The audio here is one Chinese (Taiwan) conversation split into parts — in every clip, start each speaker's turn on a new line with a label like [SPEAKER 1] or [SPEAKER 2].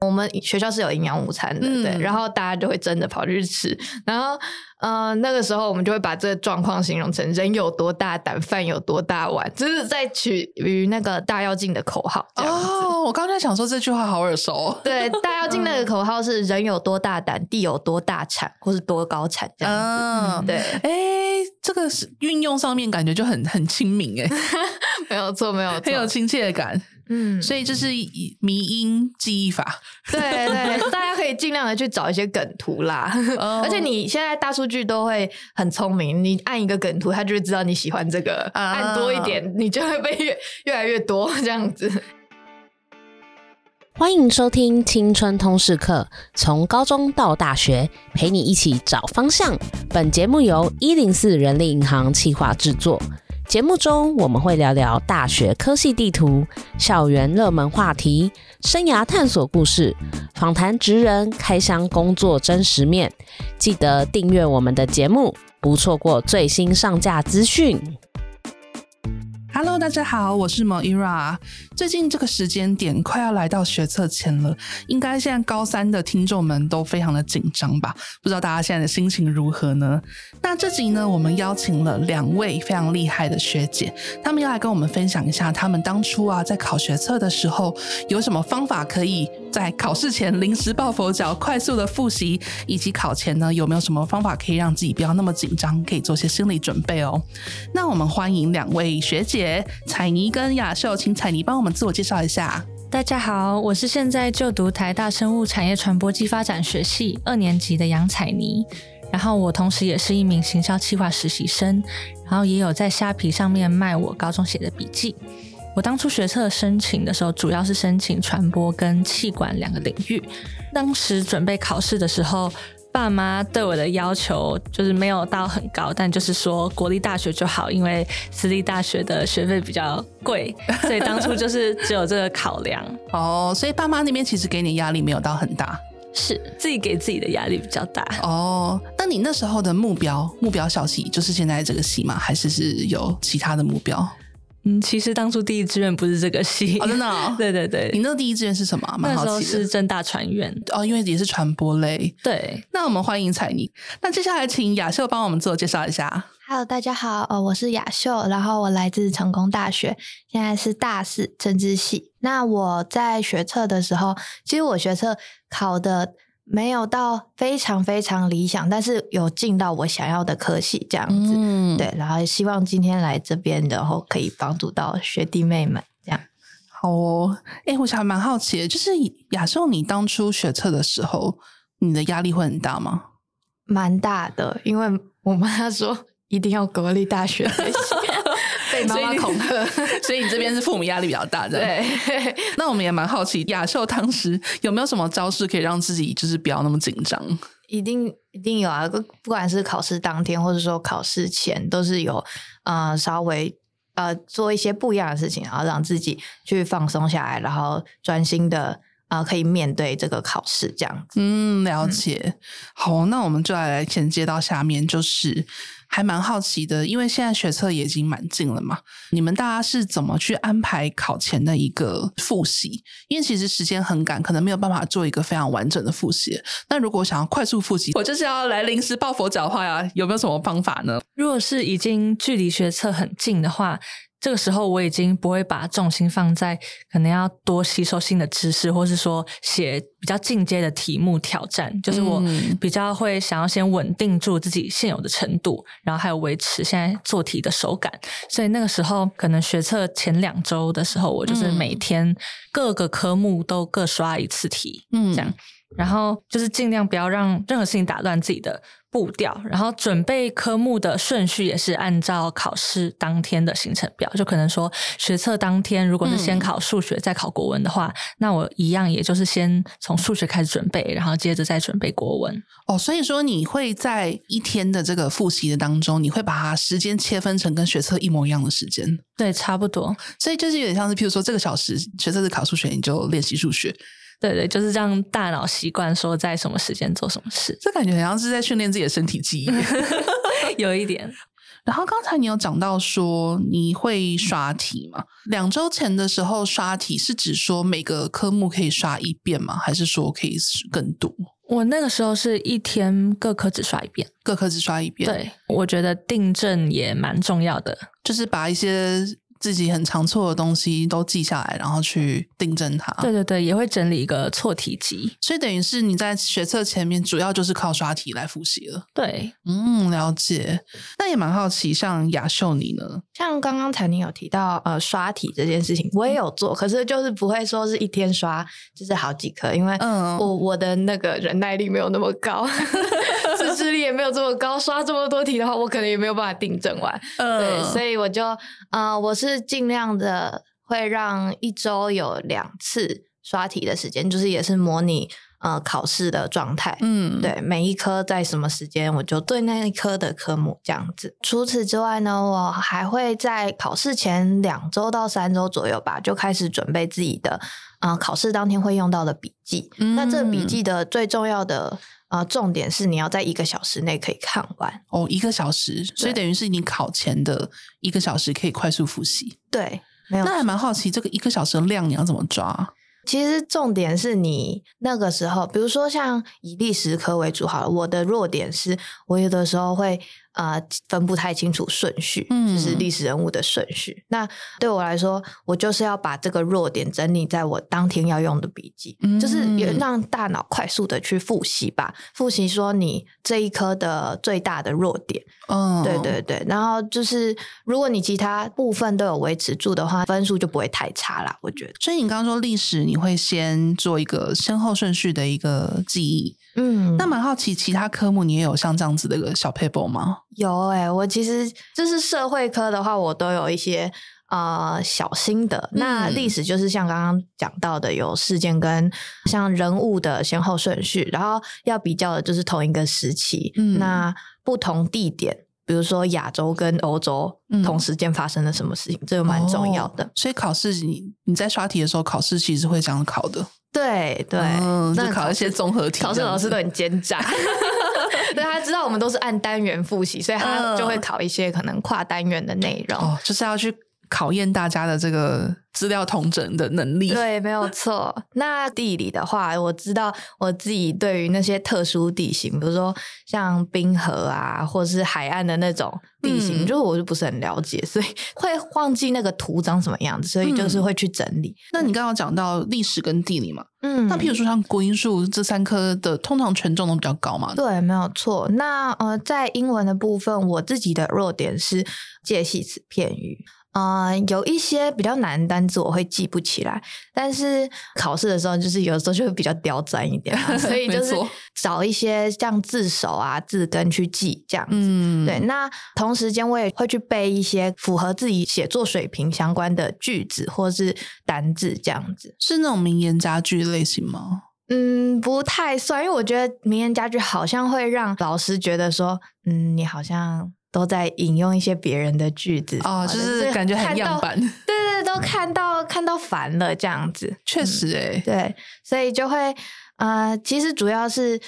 [SPEAKER 1] 我們學校是有營養午餐的，嗯、對，然後大家就會真的跑去吃。然後，呃，那個時候我們就會把這個狀況形容成“人有多大膽，飯有多大碗”，就是在取於那個大躍進的口號。哦，
[SPEAKER 2] 我剛才想說這句話好耳熟。
[SPEAKER 1] 對，大躍進那個口號是“人有多大膽，地有多大產”或是“多高產”這樣子。
[SPEAKER 2] 嗯，嗯，對。哎、欸，這個是運用上面感覺就很很親民，哎，沒有錯，沒有錯，很有親切感。嗯，所以這是迷因記憶法，嗯、對，對對， 大家可以盡量的去找一些梗圖啦。 而且你現在大數據
[SPEAKER 1] 都會很聰明，你按一個梗圖，它就會知道你喜歡這個，按多一點，你就會被越，越來越多這樣子。哦、
[SPEAKER 3] 歡迎收聽《青春通識課》，從高中到大學，陪你一起找方向。本節目由一零四人力銀行企劃制作。節目中我們會聊聊大學科系地圖、校園熱門話題、生涯探索故事、訪談職人、開箱工作真實面。記得訂閱我們的節目，不錯過最新上架資訊。Hello，大
[SPEAKER 2] 家好，我是 Moira。最近這個時間點快要來到學測前了，應該現在高三的聽眾們都非常的緊張吧？不知道大家現在的心情如何呢？那這集呢，我們邀請了兩位非常厲害的學姐，他們要來跟我們分享一下他們當初啊在考學測的時候有什麼方法可以在考試前臨時抱佛腳、快速的複習，以及考前呢有沒有什麼方法可以讓自己不要那麼緊張，可以做些心理準備哦。那我們歡迎兩位學姐。采妮跟雅琇，請采妮幫我們自我介紹一下。大
[SPEAKER 4] 家好，我是現在就讀台大生物產業傳播暨發展學系二年級的楊采妮，然後我同時也是一名行銷企劃實習生，然後也有在蝦皮上面賣我高中寫的筆記。我當初學測申請的時候，主要是申請傳播跟企管兩個領域。當時準備考試的時候。爸媽對我的要求就是沒有到很高，但就是說國立大學就好，因為私立大學的學費比較貴，所以當初就是只有這個考量。 哦，所以爸媽那邊其實給你壓
[SPEAKER 2] 力沒有到很大，
[SPEAKER 4] 是自己給自己的壓力比較大。
[SPEAKER 2] 哦，那你那時候的目標目標校系就是現在這個系嗎？還是是有其他的目標？
[SPEAKER 4] 嗯，其實當初第一志願不是這個系，oh, 真的。 對對對，你那第一志願是什麼啊？蠻好奇。那時候是政大傳
[SPEAKER 2] 院哦，因為也是傳播類。對，那我們歡迎采妮。那接下來請雅琇幫我們自我介紹一下。
[SPEAKER 1] Hello，大家好，哦，我是雅琇，然後我來自成功大學，現在是大四政治系。那我在學測的時候，其實我學測考的，沒有到非常非常理想，但是有進到我想要的科系這樣子，嗯、對，然後也希望今天來這邊，然後可以幫助到
[SPEAKER 2] 學弟妹們這樣。好哦，哎、欸，我想蠻好奇的，就是雅琇，你當初學測的時候，你的壓力會很大嗎？蠻大的，因為我媽說一定要國立大學 媽媽恐嚇，所以，所以你這邊是父母壓力比較大， 對？ 那我們也蠻好奇，雅琇當時有沒有什麼招式可以讓自己就是不要那麼緊張？
[SPEAKER 1] 一定一定有啊！不管是考試當天，或是說考試前，都是有、呃、稍微、呃、做一些不一樣的事情，然後讓自己去放鬆下來，然後專心的啊、呃、可以面對這個考試這樣。
[SPEAKER 2] 嗯，了解。嗯、好，那我們就來銜接到下面，就是。還蠻好奇的，因為現在學測也已經蠻近了嘛。你們大家是怎麼去安排考前的一個複習？因為其實時間很趕，可能沒有辦法做一個非常完整的複習。那如果想要快速複習，我就是要
[SPEAKER 4] 來臨時抱佛腳的話呀，有沒有什麼方法呢？如果是已經距離學測很近的話。這個時候我已經不會把重心放在可能要多吸收新的知識，或是說寫比較進階的題目挑戰。就是我比較會想要先穩定住自己現有的程度，然後還有維持現在做題的手感。所以那個時候，可能學測前兩周的時候，我就是每天各個科目都各刷一次題，嗯，這樣。然後就是盡量不要讓任何事情打斷自己的步調，然後準備科目的順序也是按照考試當天的行程表。就可能說學測當天如果是先考數學再考國文的話，嗯，那我一樣也就是先從數學開始準備，然後接着再準備國文。
[SPEAKER 2] 哦，所以說你會在一天的這個復習的當中，你會把它時間切分成跟學測一模一樣的時間？對，差不多。所以就是有點像是，譬如說這個小時學測是考數學，你就練習數學。對對，就是讓大腦習慣說在什麼時間做什麼事，這感覺好像是在訓練自己的身體記
[SPEAKER 4] 憶， 有一點。
[SPEAKER 2] 然後剛才你有講到說你會刷題嗎？嗯、兩週前的時候刷題是指說每個科目可以刷一遍嗎？還是說可以更多？
[SPEAKER 4] 我那個時候是一天各科只刷一遍，各科只刷一遍。對，我覺得訂正也蠻重要的，
[SPEAKER 2] 就是把一些。自己很常錯的東西都記下來，然後去訂正它。對對對，也會整理一個錯題集。所以等於是你在學測前面主要就是靠刷題來復習了。對，嗯，了解。那也蠻好奇，像雅琇你呢？像剛剛才你有提到呃
[SPEAKER 1] 刷題這件事情，我也有做，嗯、可是就是不會說是一天刷，就是好幾科，因為我、嗯、我的那個忍耐力沒有那麼高。 智力也沒有這麼高，刷這麼多題的話，我可能也沒有辦法訂正完。呃、對，所以我就，呃，我是盡量的會讓一周有兩次刷題的時間，就是也是模擬呃考試的狀態。嗯，對，每一科在什麼時間，我就對那一科的科目這樣子。除此之外呢，我還會在考試前兩周到三周左右吧，就開始準備自己的啊、呃、考試當天會用到的筆記。嗯、那這筆記的最重要的。呃，重點是你要在一個小時內可以看完
[SPEAKER 2] 哦，一個小時，對所以等於是你考前的一個小時可以快速複習。對，那還蠻好奇這個一個小時的量你要怎麼抓？其實重點是你
[SPEAKER 1] 那個時候，比如說像以歷史科為主，好了，我的弱點是我有的時候會。啊、呃，分不太清楚順序，嗯、就是歷史人物的順序。那對我來說，我就是要把這個弱點整理在我當天要用的筆記，嗯、就是也讓大腦快速的去複習吧。複習說你這一科的最大的弱點。嗯、哦，對對對，然後就是如果你其他部分都有維持住的話，分數就不會太差了。我覺
[SPEAKER 2] 得。所以你剛剛說歷史，你會先做一個先後順序的一個記憶。嗯，那蠻好奇，其他科目你也有像這樣子的一個小 paper 嗎？
[SPEAKER 1] 有哎、欸，我其實就是社會科的話，我都有一些呃，小心得。嗯、那歷史就是像剛剛講到的，有事件跟像人物的先後順序，然後要比較的就是同一個時期，嗯，那不同
[SPEAKER 2] 地點，比如說亞洲跟歐洲同時間發生了什麼事情，嗯、這個蠻重要的。哦、所以考試你你在刷題的時候，考試其實會這樣考的？
[SPEAKER 1] 對對，就考一些綜合題。考試老師都很奸詐，但 他知道我們都是按單元複習，所以他就會考一些可能跨單元的內容，嗯哦，就是要去。考驗大家的這個資料統整的能力，對，沒有錯。 那地理的話，我知道我自己對於那些特殊地形，比如說像冰河啊，或者是海岸的那種地形，嗯、就我就不是很了解，所以會忘記那個圖長什
[SPEAKER 2] 麼樣子，所以就是會去整理。嗯嗯、那你剛剛講到歷史跟地理嘛，嗯，那譬如說像國英數這三科的，通常權重都比較高嘛，
[SPEAKER 1] 對，沒有錯。那呃，在英文的部分，我自己的弱點是介系詞片語。啊、呃，有一些比較難的單字，我會記不起來，但是考試的時候，就是有時候就會比較刁鑽一點，啊，所以就是找一些像字首啊、字根去記這樣子。
[SPEAKER 4] 嗯、對，
[SPEAKER 1] 那同時間我也會去背一些符合自己寫作水平相關的
[SPEAKER 2] 句子或是單字這樣子。是那種名言佳句類型嗎？嗯，
[SPEAKER 1] 不太算，因為我覺得名言佳句好像會讓老師覺得說，嗯，你好像。都在引用一些別人的句子哦，就是感覺很樣板。對，對對，都看到、嗯、看到煩了這樣子，確實誒、欸嗯，對，所以就會啊、呃、其實主要是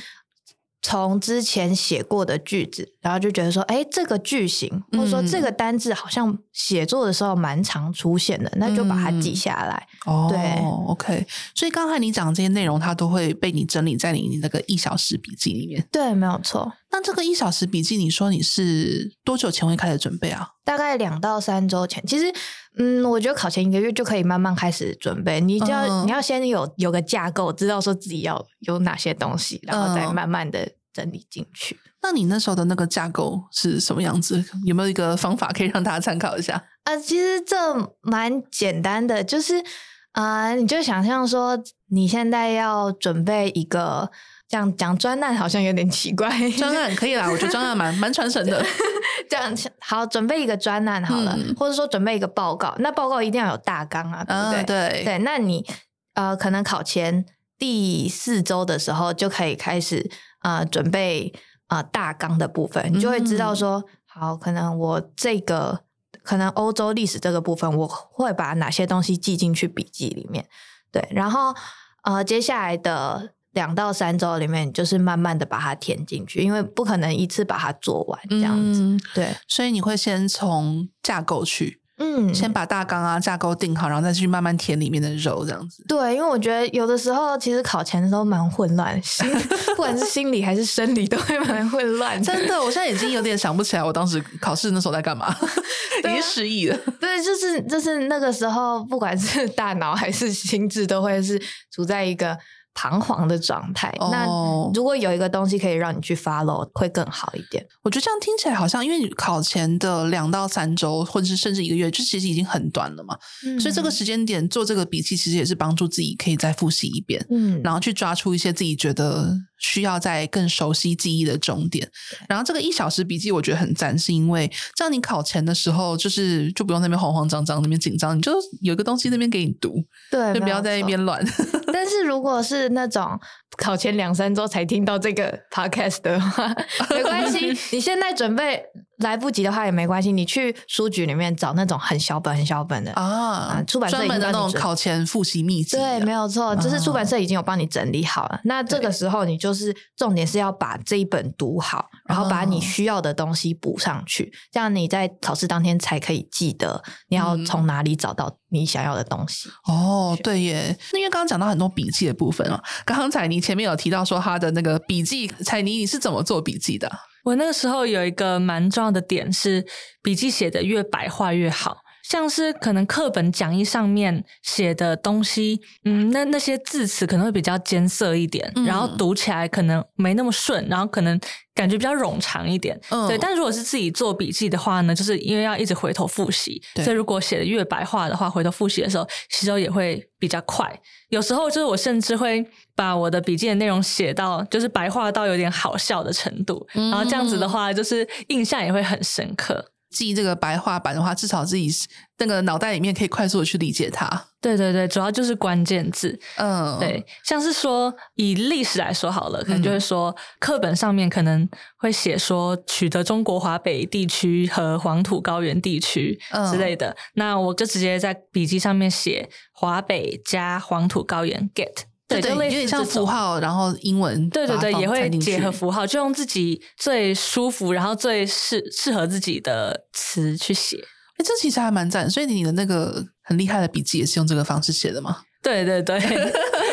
[SPEAKER 1] 從之前寫過的句子。然後就覺得說，哎，這個句型或者說這個單字好像寫作的時候蠻常出現
[SPEAKER 2] 的，嗯、那就把它記下來。嗯、對哦，OK。所以剛才你講的這些內容，它都會被你整理在你那個一小時筆記裡面。對，沒有錯。那這個一小時筆記，你說你是多久前會開始準備啊？
[SPEAKER 1] 大概兩到三週前。其實，嗯，我覺得考前一個月就可以慢慢開始準備。你就要，嗯、你要先有有個架構，知道說
[SPEAKER 2] 自己要有哪些東西，然後再慢慢的。等你進去，那你那時候的那個架構是什麼樣子？有沒有一個方法可以讓大家參考一下？啊、
[SPEAKER 1] 呃，其實這蠻簡單的，就是啊、呃，你就想象說，你現在要準備一個，這樣講專案好像有點奇怪，專案可以啦， 我覺得專案蠻蠻傳神的。這樣好，準備一個專案好了，嗯、或者說準備一個報告，那報告一定要有大綱啊，對不對？啊、對對，那你呃，可能考前第四周的時候就可以開始。呃，準備啊、呃，大綱的部分，你就會知道說，嗯、哼好，可能我這個可能歐洲歷史這個部分，我會把哪些東西記進去筆記裡面。對，然後呃，接下來的兩到三週裡面，你就是慢慢的把它填進去，因為不可能一次把它做完
[SPEAKER 2] 這樣子。嗯、對，所以你會先從架構去。嗯，先把大綱啊架構定好，然後再去慢慢填裡面的肉，這樣子。
[SPEAKER 1] 對，因為我覺得有的時候其實考前的時候蠻混亂， 不管是心理還是生理都會蠻混亂。 真的，我現
[SPEAKER 2] 在已經有點想不起來我當時考試那時候在幹嘛， 啊、已經失憶了。
[SPEAKER 1] 對，就是就是那個時候，不管是大腦還是心智，都會是處在一個。彷徨的
[SPEAKER 2] 狀態，那
[SPEAKER 1] 如果有一個東西可以讓你去 follow，哦，會更好一點。
[SPEAKER 2] 我覺得這樣聽起來好像，因為考前的兩到三周，或者是甚至一個月，就其實已經很短了嘛。嗯，所以這個時間點做這個筆記，其實也是幫助自己可以再複習一遍，嗯，然後去抓出一些自己覺得。需要在更熟悉記憶的重點，對然後這個一小時筆記我覺得很贊，是因為這樣你考前的時候就是就不用那邊慌慌張張，那邊緊張，你就有一個東西那邊給你讀，
[SPEAKER 1] 對，就不要在那邊亂。 但是如果是那種考前兩三周才聽到這個 podcast 的話，沒關係， 你現在準備。來不及的話也沒關係，你去書局裡面找那種很小本、很小本的啊，啊，出版社已經、啊、專門的那種考前複習秘籍。對，沒有錯，啊、就是出版社已經有幫你整理好了。啊、那這個時候你就是重點是要把這一本讀好，然後把你需要的東西補上去，啊、這樣你在考試當天才可以記得你要從哪裡找到
[SPEAKER 4] 你想要的東西。嗯、
[SPEAKER 2] 哦，對耶。那因為剛剛講到很多筆記的部分了、哦，剛剛采妮前面有提到說她的那個筆記，采妮你是怎麼做筆記的？
[SPEAKER 4] 我那個時候有一個蠻重要的點是，筆記寫的越白話越好。像是可能課本講義上面寫的東西，嗯，那那些字詞可能會比較艱澀一點，嗯、然後讀起來可能沒那麼順，然後可能感覺比較冗長一點，哦、對。但如果是自己做筆記的話呢，就是因為要一直回頭複習，對所以如果寫的越白話的話，回頭複習的時候吸收也會比較快。有時候就是我甚至會把我的筆記的內容寫到就是白話到有點好笑的程度，嗯、然後這樣子的話，就是印象也會很深刻。記這個白話版的話，至少自己那個腦袋裡面可以快速
[SPEAKER 2] 的去理解它。
[SPEAKER 4] 對對對，主要就是關鍵字，嗯，對，像是說以歷史來說好了，可能就是說、嗯、課本上面可能會寫說取得中國華北地區和黃土高原地區之類的，嗯、那我就直接在筆記上面寫華北加黃土高原，get。對，對對，有點像符號，然後英文。對對對，也會結合符號，就用自己最舒服，然後最適適合自己的詞去寫。
[SPEAKER 2] 哎、欸，這其實還蠻讚。所以你的那個很厲害的筆記也是用這個方式寫的嗎？
[SPEAKER 4] 對對對。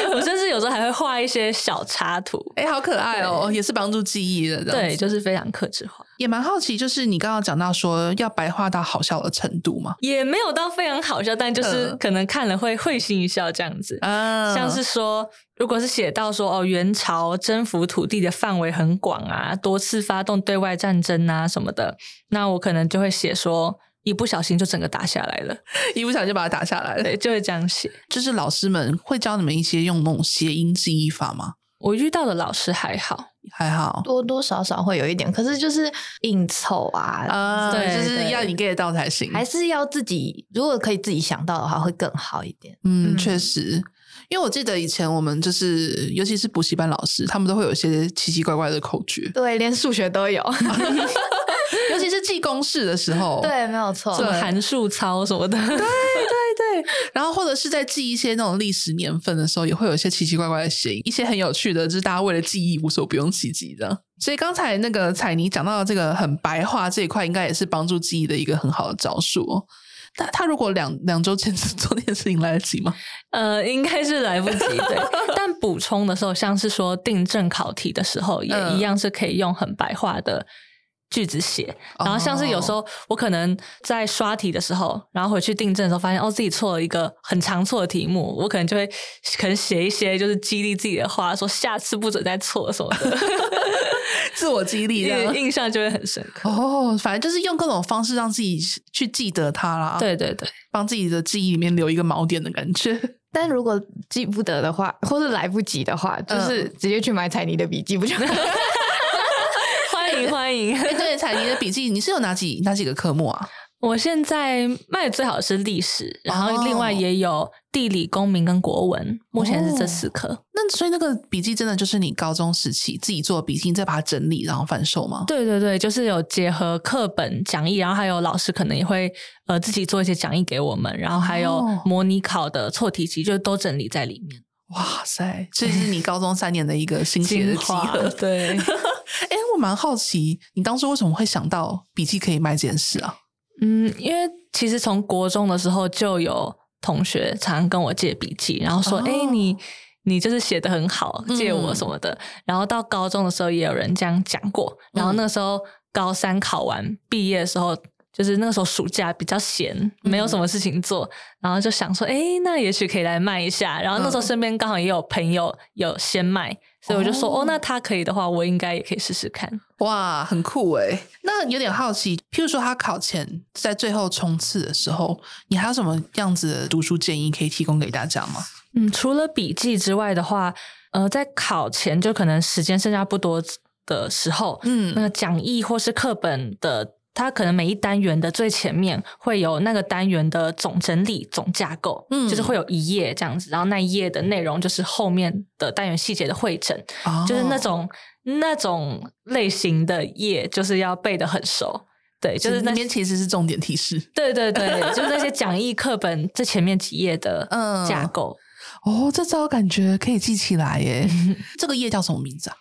[SPEAKER 4] 有時候還會畫一些小插圖，哎、欸，好可愛哦、喔，對也是幫助記憶的。對，就是非常客製化，也蠻好
[SPEAKER 2] 奇。就是你剛剛講到說要白話到好笑的程度嘛，
[SPEAKER 4] 也沒有到非常好笑，但就是可能看了會會心一笑這樣子。啊，像是說，如果是寫到說哦，元朝征服土地的範圍很廣啊，多次發動對外戰爭啊什麼的，那我可能就會寫說。一不小心就整個打下來了，一不小心就把它打
[SPEAKER 2] 下來了，對，就會這樣寫。就是老師們會教你們一些用那種諧音記憶法嗎？
[SPEAKER 1] 我遇到的老師還好，還好，多多少少會有一點。可是就是應酬啊，嗯、對，對就是要你 get 到才行，還是要自己如果可以自己想到的
[SPEAKER 2] 話會更好一點。嗯，嗯確實，因為我記得以前我們就是，尤其是補習班老師，他們都會有一些奇奇怪怪的口訣，
[SPEAKER 1] 對，連數學都有。
[SPEAKER 2] 記公式的時候，對，
[SPEAKER 1] 沒有錯。有函
[SPEAKER 2] 數操什麼的，對對對。對對對，然後或者是在記一些那種歷史年份的時候，也會有一些奇奇怪怪的諧音，一些很有趣的，就是大家為了記憶無所不用其極的。所以剛才那個采妮講到的這個很白話這一塊，應該也是幫助記憶的一個很好的招數哦。但他如果兩兩周前
[SPEAKER 4] 做這件事情來得及嗎？呃，應該是來不及。對 但補充的時候，像是說訂正考題的時候，也一樣是可以用很白話的句子寫，然後像是有時候我可能在刷題的時候，oh. 然後回去訂正的時候，發現哦自己錯了一個很常錯的題目，我可能就會可能寫一些就是激勵自己的話，說下次不准再錯什麼 自我激勵，印象就會很深刻。
[SPEAKER 2] 哦，oh, 反正就是用各種方式讓自己去記得它啦。對對對，幫自己的記憶裡面留一個錨點的感覺。但如果記不得的話，或是來不及的話，
[SPEAKER 4] 嗯、就是直接去買采妮的筆記不就好？ 歡迎歡迎！對，采妮的筆記，你是有哪幾哪幾個科目啊？我現在賣最好的是歷史，然後另外也有地理、公民跟國文，目前是這四科。
[SPEAKER 2] 哦。那所以那個筆記真的就是你高中時期自己做的筆記，你再把它整理然後販售嗎？
[SPEAKER 4] 對對對，就是有結合課本講義，然後還有老師可能也會呃自己做一些講義給我們，然後還有模擬考的錯題集，就都整理在裡面。
[SPEAKER 2] 哇塞，這是你高中三年的一個心血的集合，對。誒，我蠻好奇，你當初為什麼會想到筆記可以賣這件事啊？嗯，因
[SPEAKER 4] 為其實從國中的時候就有同學常常跟我借筆記，然後說：“哦、誒，你你就是寫得很好，借我什麼的。嗯”然後到高中的時候也有人這樣講過。然後那個時候高三考完畢業的時候，嗯、就是那個時候暑假比較閒，沒有什麼事情做，嗯、然後就想說：“誒，那也許可以來賣一下。”然後那時候身邊剛好也有朋友有先賣。所以我就說，哦、哦，那他可以的話，我應該也可以試試看。
[SPEAKER 2] 哇，很酷耶！那有點好奇，譬如說他考前在最後衝刺的時候，你還有什麼樣子的讀書建議可以提供給大家嗎？
[SPEAKER 4] 嗯，除了筆記之外的話，呃，在考前就可能時間剩下不多的時候，嗯，那個講義或是課本的。它可能每一單元的最前面會有那個單元的總整理、總架構，嗯，就是會有一頁這樣子，然後那一頁的內容就是後面的單元細節的彙整，哦、就是那種那種類型的頁，就是要背得很熟。對，實就是那邊其實是重點提示。對對對， 就是那些講義、課本最前面幾頁的架構。
[SPEAKER 2] 嗯、哦，這招感覺可以記起來耶！嗯、哼這個頁叫什麼名字啊？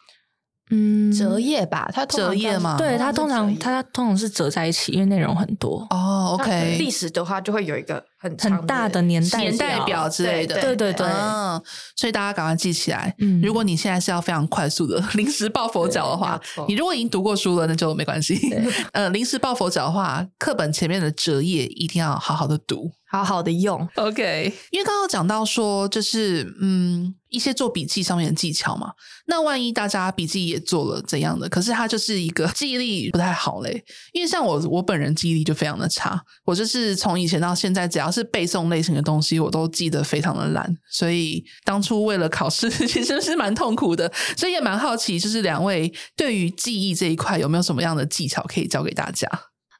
[SPEAKER 2] 嗯，
[SPEAKER 1] 摺頁
[SPEAKER 4] 吧，它摺頁嘛，對，它通常、就是、它通常是折在一起，因為內容很多哦。OK，歷
[SPEAKER 1] 史的話就會有一個很很大的年代年代表之類的，對對對，嗯、
[SPEAKER 2] 哦，所以大家趕快記起來。嗯、如果你現在是要非常快速的臨時抱佛腳的話，對你如果已經讀過書了，那就沒關係。嗯對、呃，臨時抱佛腳的話，課本前面的摺頁一定要好好的讀。好好的用，OK。因為剛剛講到說，就是嗯，一些做筆記上面的技巧嘛。那萬一大家筆記也做了怎樣的？可是他就是一個記憶力不太好嘞。因為像我，我本人記憶力就非常的差。我就是從以前到現在，只要是背誦類型的東西，我都記得非常的爛。所以當初為了考試，其實是蠻痛苦的。所以也蠻好奇，就是兩位對於記憶這一塊，有沒有什麼樣的技巧可以教給大家？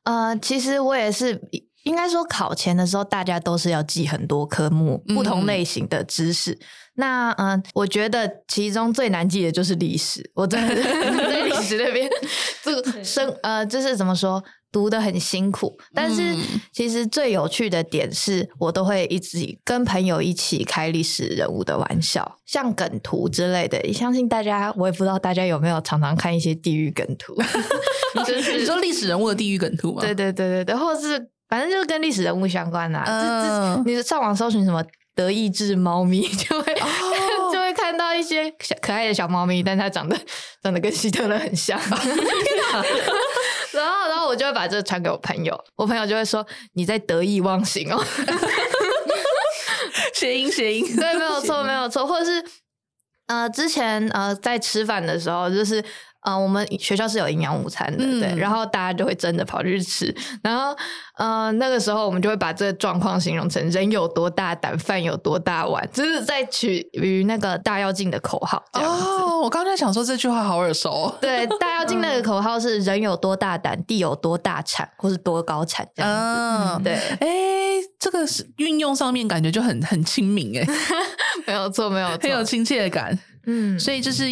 [SPEAKER 1] 呃，其實我也是。應該說，考前的時候，大家都是要記很多科目不同類型的知識。嗯那嗯、呃，我覺得其中最難記的就是歷史。我真的是、 嗯、在歷史那邊，這個生呃，就是怎麼說，讀得很辛苦。但是、嗯、其實最有趣的點是，我都會一直跟朋友一起開歷史人物的玩笑，像梗圖之類的。相信大家，我也不知道大家有沒有常常看一些地獄梗圖。
[SPEAKER 2] 你說歷史人
[SPEAKER 1] 物的地獄梗圖嗎？對對對對對，或者是。反正就是跟歷史人物相關的、啊 uh，這，你上網搜尋什麼“德意志貓咪”，就會、oh. 就會看到一些小可愛的小貓咪，但它長得長得跟希特勒很像。Oh. 然後，然後我就會把這傳給我朋友，我朋友就會說：“你在得意忘形哦。
[SPEAKER 2] ”諧 音諧音，對，沒有錯，沒有
[SPEAKER 1] 錯。或者是呃，之前呃，在吃飯的時候，就是。啊、呃，我們學校是有營養午餐的，嗯、對，然後大家就會真的跑去吃。然後，呃，那個時候我們就會把這個狀況形容成“人有多大膽，飯有多大碗”，就是在取於那個大躍進的口號。哦,我剛才想說這句話好耳熟。對，大躍進那個口號是“人有多大膽，地有多大產”或是“多高產”這樣子。哦嗯、
[SPEAKER 2] 對，哎、欸，這個是運用上面感覺就很很親民哎，沒有錯，沒有錯，很有親切感。嗯，所以這是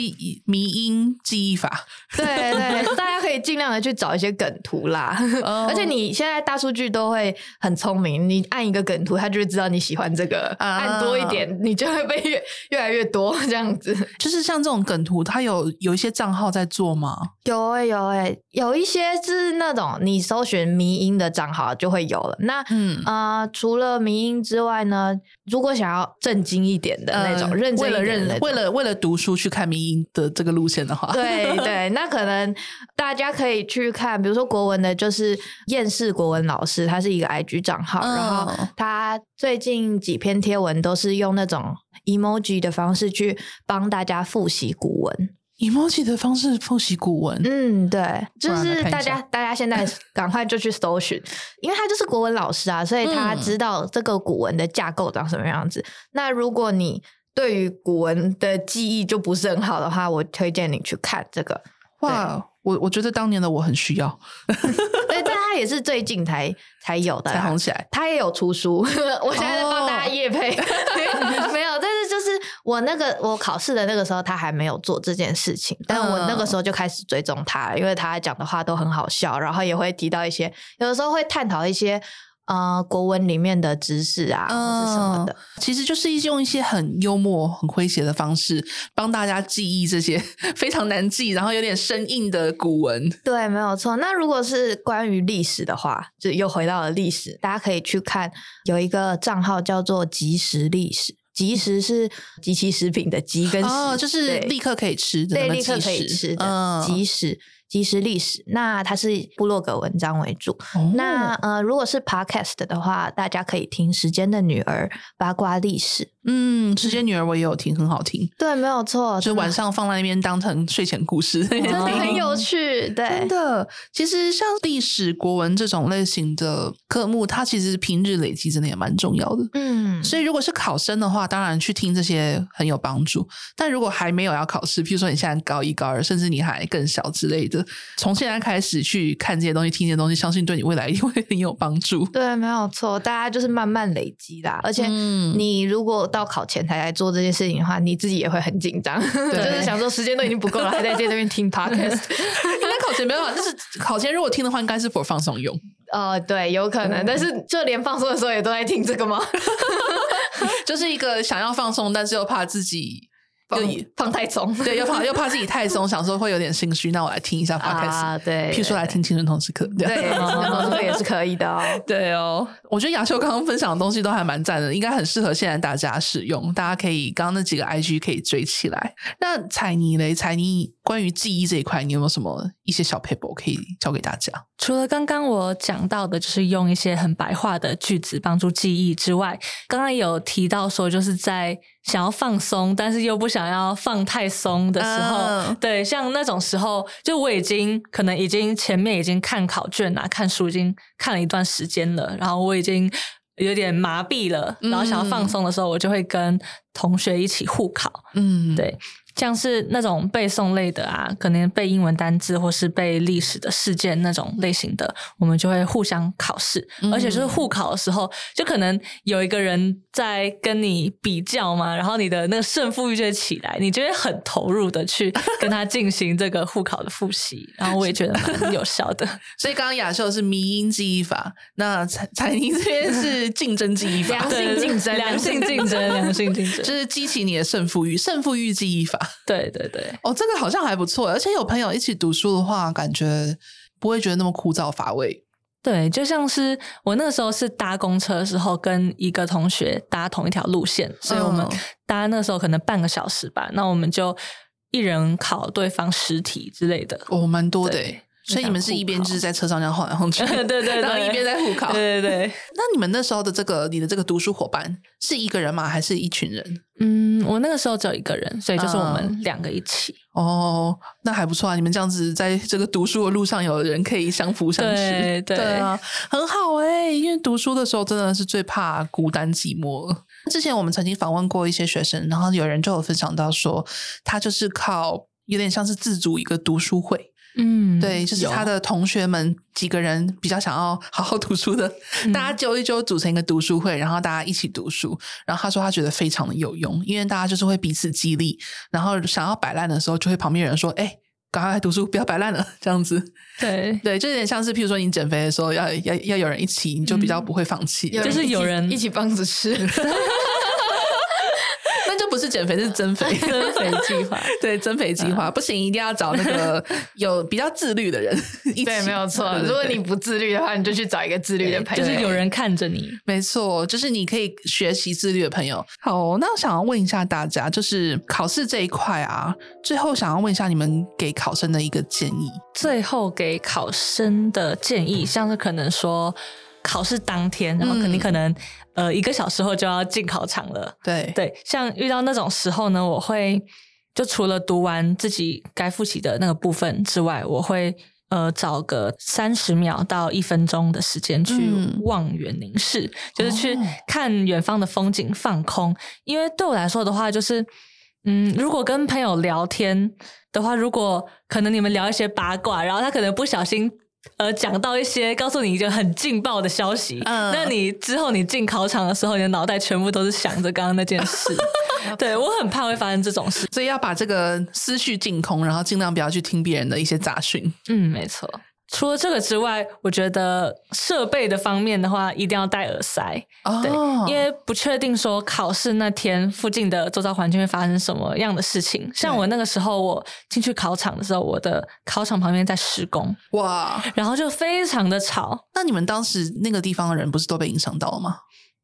[SPEAKER 2] 迷因記憶法，對對對， 大家可以盡量的去找一些梗圖
[SPEAKER 1] 啦。Oh. 而且你現在大數據都會很聰明，你按一個梗圖，他就會知道你喜
[SPEAKER 2] 歡這個，oh. 按多一點，
[SPEAKER 1] 你就會被越，越來越多這
[SPEAKER 2] 樣子。就是像這種梗圖，它有有一些賬號在做嗎？
[SPEAKER 1] 有哎、欸、有哎、欸，有一些是那種你搜尋迷因的賬號就會有了。那嗯啊、呃，除了迷因之外呢？如果想要正經一點的那種，為了認為
[SPEAKER 2] 了為了讀書去看迷因的這個路線的話，對對，對
[SPEAKER 1] 那可能大家可以去看，比如說國文的，就是厭世國文老師，他是一個 IG 賬號，嗯、然後他最近幾篇貼文都是用那種 emoji 的方式去幫大家複習古
[SPEAKER 2] 文。以 emoji 的方式複習古文，嗯，對，就是大家，
[SPEAKER 1] 大家現在趕快就去搜尋， 因為他就是國文老師啊，所以他知道這個古文的架構長什麼樣子。嗯、那如果你對於古文的記憶就不是很好的話，我推薦你去看這個。
[SPEAKER 2] 哇 Wow, 對，我我覺得當年的我很需要。
[SPEAKER 1] 對， 但他也是最近才才有的、啊，才紅起來，他也有出書， 我現在是幫大家業配。Oh. 我那個我考試的那個時候，他還沒有做這件事情，但我那個時候就開始追蹤他，因為他講的話都很好笑，然後也會提到一些，有的時候會探討一些呃國文裡面的知識啊，或是
[SPEAKER 2] 什麼的，嗯，其實就是用一些很幽默、很詼諧的方式幫大家記憶這些非常難記，然後有點生硬的古文。對，沒有錯。那如果是
[SPEAKER 1] 關於歷史的話，就又回到了歷史，大家可以去看有一個賬號叫做即時歷史。即食是即期食品的即跟食哦，就是立刻可以吃的，對，立刻可以吃的，嗯、即食。其實歷史，那它是部落格文章為主。Oh. 那呃，如果是 Podcast 的話，大家可以聽《時間的女兒》
[SPEAKER 2] 八卦歷史。嗯，《時間女兒》我也有聽， 很好聽。對，沒有錯，就晚上放在那邊當成睡前故事，很有趣。對，真的。其實像歷史、國文這種類型的科目，它其實平日累積真的也蠻重要的。嗯，所以如果是考生的話，當然去聽這些很有幫助。但如果還沒有要考試，比如說你現在高一、高二，甚至你還更小之類的。從現在開始去看這些東西、聽這些東西，相信對你未來也會很有幫助。對，沒有錯，大家就是慢慢累積啦。而且，
[SPEAKER 1] 你如果到考前才來做這件事情的話，你自己也會很緊張，對就是想說
[SPEAKER 2] 時間都已經不夠了， 還在這邊聽 podcast。那、嗯、考前沒辦法，就 是考前如果聽的話，應該是 for 放鬆用。
[SPEAKER 1] 哦、呃、對，有可能，對但是就連放鬆的時候也都在聽這個嗎？
[SPEAKER 2] 就是一個想要放鬆，但是又怕自己。又放，放太鬆， 對，又怕又怕自己太鬆， 想說會有點心虛。那我來聽一下，啊，開始對，對，對，譬如說來聽青春同時課對，青春同時課也是可以的，哦。對哦。 對哦，我覺得雅琇剛剛分享的東西都還蠻讚的，應該很適合現在大家使用，大家可以剛剛那幾個 IG 可以追起來。那采妮嘞，采妮。關於記憶這一塊，你有沒有什麼一些小 paper 可以教給大家？
[SPEAKER 4] 除了剛剛我講到的，就是用一些很白話的句子幫助記憶之外，剛剛有提到說，就是在想要放鬆，但是又不想要放太鬆的時候，oh. 對，像那種時候，就我已經可能已經前面已經看考卷拿、啊、看書已經看了一段時間了，然後我已經有點麻痹了，嗯、然後想要放鬆的時候，我就會跟同學一起互考。嗯，對。像是那種背誦類的啊，可能背英文單字或是背歷史的事件那種類型的，我們就會互相考試，嗯、而且就是互考的時候，就可能有一個人在跟你比較嘛，然後你的那個勝負慾就會起來，你就會很投入的去跟他進行這個互考的複習， 然後我也覺得很有效的。是 所以剛剛雅琇是迷因記憶法，
[SPEAKER 2] 那采采妮這邊是競爭記憶法，良性競爭，良性競爭，良性競爭，就是激起你的勝負慾，勝負慾記憶法。對對對，哦，這個好像還不錯，而且有朋友一起讀書的話，感覺不會覺得那麼枯燥乏味。
[SPEAKER 4] 對，就像是我那時候是搭公車的時候，跟一個同學搭同一條路線，嗯、所以我們搭那時候可能半個小時吧，那我們就一人考對方十題之類的，哦，蠻多的。所以你們是一邊就是在車上這樣晃
[SPEAKER 2] 來晃去， 對，對對，對，然後一邊在互考，對對對。 那你們那時候的這個你的這個讀書夥伴是一個人嗎？還是一群人？
[SPEAKER 4] 嗯，我那個時候只有一個人，所以就是我們、嗯、兩個一起。
[SPEAKER 2] 哦，那還不錯啊！你們這樣子在這個讀書的路上有人可以相扶相持，對，對，對啊，很好哎、欸。因為讀書的時候真的是最怕孤單寂寞。之前我們曾經訪問過一些學生，然後有人就有分享到說，他就是靠有點像是自組一個讀書會。嗯，對，就是他的同學們有幾個人比較想要好好讀書的，嗯、大家揪一揪組成一個讀書會，然後大家一起讀書。然後他說他覺得非常的有用，因為大家就是會彼此激勵，然後想要擺爛的時候，就會旁邊有人說：“哎、欸，趕快來讀書，不要擺爛了。”這樣子，對對，就有點像是，譬如說你減肥的時候，要要要有人一起，你就比較不會放棄，就是有人一起幫着吃。 不是減肥，是增肥，增肥計劃。 對，增肥計劃、啊、不行，一定要找那個有比較自律的人 一起，對，沒有錯。對對對，如果你不自律的話，你就去找一個自律的朋友，就是有人看着你。沒錯，就是你可以學習自律的朋友。好，那我想要問一下大家，就是考試這一塊啊，最後想要問一下你們給考生的一個建議。
[SPEAKER 4] 最後給考生的建議，像是可能說考試當天，嗯、然後你可能。呃，一個小時後就要進考場了。對對，像遇到那種時候呢，我會就除了讀完自己該複習的那個部分之外，我會呃找個三十秒到一分鐘的時間去望遠凝視，嗯、就是去看遠方的風景，哦、放空。因為對我來說的話，就是嗯，如果跟朋友聊天的話，如果可能你們聊一些八卦，然後他可能不小心。呃，講到一些告訴你一個很勁爆的消息，嗯，那你之後你進考場的時候，你的腦袋全部都是想着剛剛那件事。 對 我很怕會發生這種事，所以要把這個思緒
[SPEAKER 2] 淨空，然後盡量不要去聽別人的一些雜訊。嗯，沒錯。
[SPEAKER 4] 除了這個之外，我覺得設備的方面的話，一定要戴耳塞。Oh. 對，因為不確定說考試那天附近的周遭環境會發生什麼樣的事情。對像我那個時候，我進去考場的時候，我的考場旁邊在施工，哇，Wow. 然後就非常的吵。那你們當時那個地方的人不是都被影響到了嗎？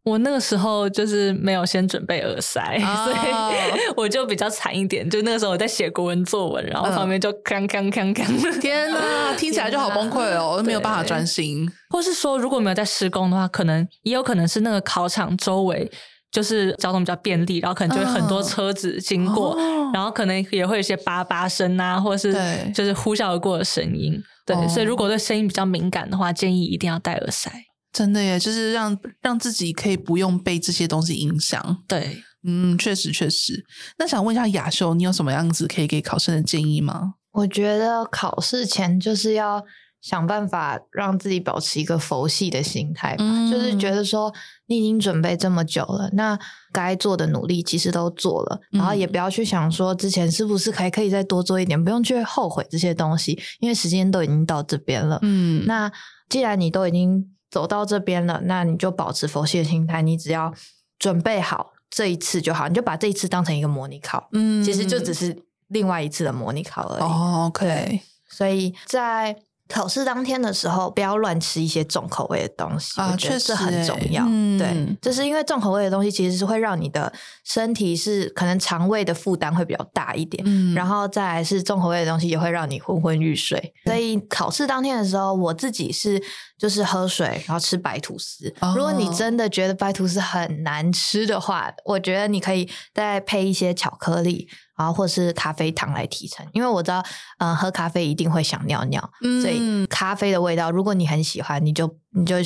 [SPEAKER 4] 我那個時候就是沒有先準備耳塞，oh. 所以我就比較慘一點。就那個時候我在寫國文作文，然後旁邊就咔咔咔咔，天哪，啊、聽起來就好崩潰哦，天哪，我都沒有辦法專心。或是說，如果沒有在施工的話，可能也有可能是那個考場周圍就是交通比較便利，然後可能就會很多車子經過，oh. 然後可能也會有一些叭叭聲啊，或者是就是呼嘯而過的聲音。對，oh. 所以如果對聲音比較敏感的話，建議一定要戴耳塞。真的耶，
[SPEAKER 2] 就是讓讓自己可以不用被這些東西影響。對，嗯，確實確實。那想問一下雅琇，你有什麼樣子可以給考生的建議嗎？
[SPEAKER 1] 我覺得考試前就是要想辦法讓自己保持一個佛系的心態吧，嗯、就是覺得說你已經準備這麼久了，那該做的努力其實都做了，嗯、然後也不要去想說之前是不是還可以再多做一點，不用去後悔這些東西，因為時間都已經到這邊了。嗯，那既然你都已經。走到這邊了，那你就保持佛系的心態，你只要準備好這一次就好，你就把這一次當成一個模擬考，嗯，其實就只是另外一次的模擬考而已。哦，OK，所以在。考試當天的時候，不要亂吃一些重口味的東西，啊、我覺得這很重要。確實欸。嗯、對，就是因為重口味的東西其實是會讓你的身體是可能腸胃的負擔會比較大一點，嗯、然後再來是重口味的東西也會讓你昏昏欲睡。所以考試當天的時候，我自己是就是喝水，然後吃白吐司。哦、如果你真的覺得白吐司很難吃的話，我覺得你可以再配一些巧克力。然後，或是咖啡糖來提神，因為我知道，嗯、喝咖啡一定會想尿尿，嗯、所以咖啡的味道，如果你很
[SPEAKER 2] 喜歡，你就你就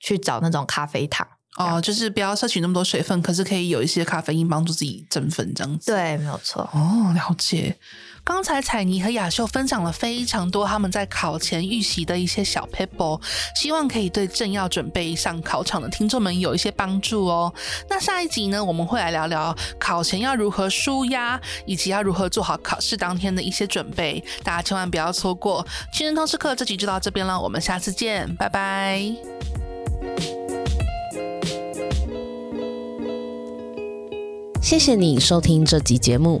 [SPEAKER 2] 去找那種咖啡糖，哦，就是不要攝取那麼多水分，可是可以有一些咖啡因幫助自己振奮這樣子。對，沒有錯。哦，了解。剛才采妮和雅琇分享了非常多他們在考前預習的一些小撇步，希望可以對正要準備上考場的聽眾們有一些幫助哦。那下一集呢，我們會來聊聊考前要如何紓壓，以及要如何做好考試當天的一些準備，大家千萬不要錯過。《青春通識課》這集就到這邊了，我們下次見，拜拜。
[SPEAKER 3] 謝謝你收聽這集節目。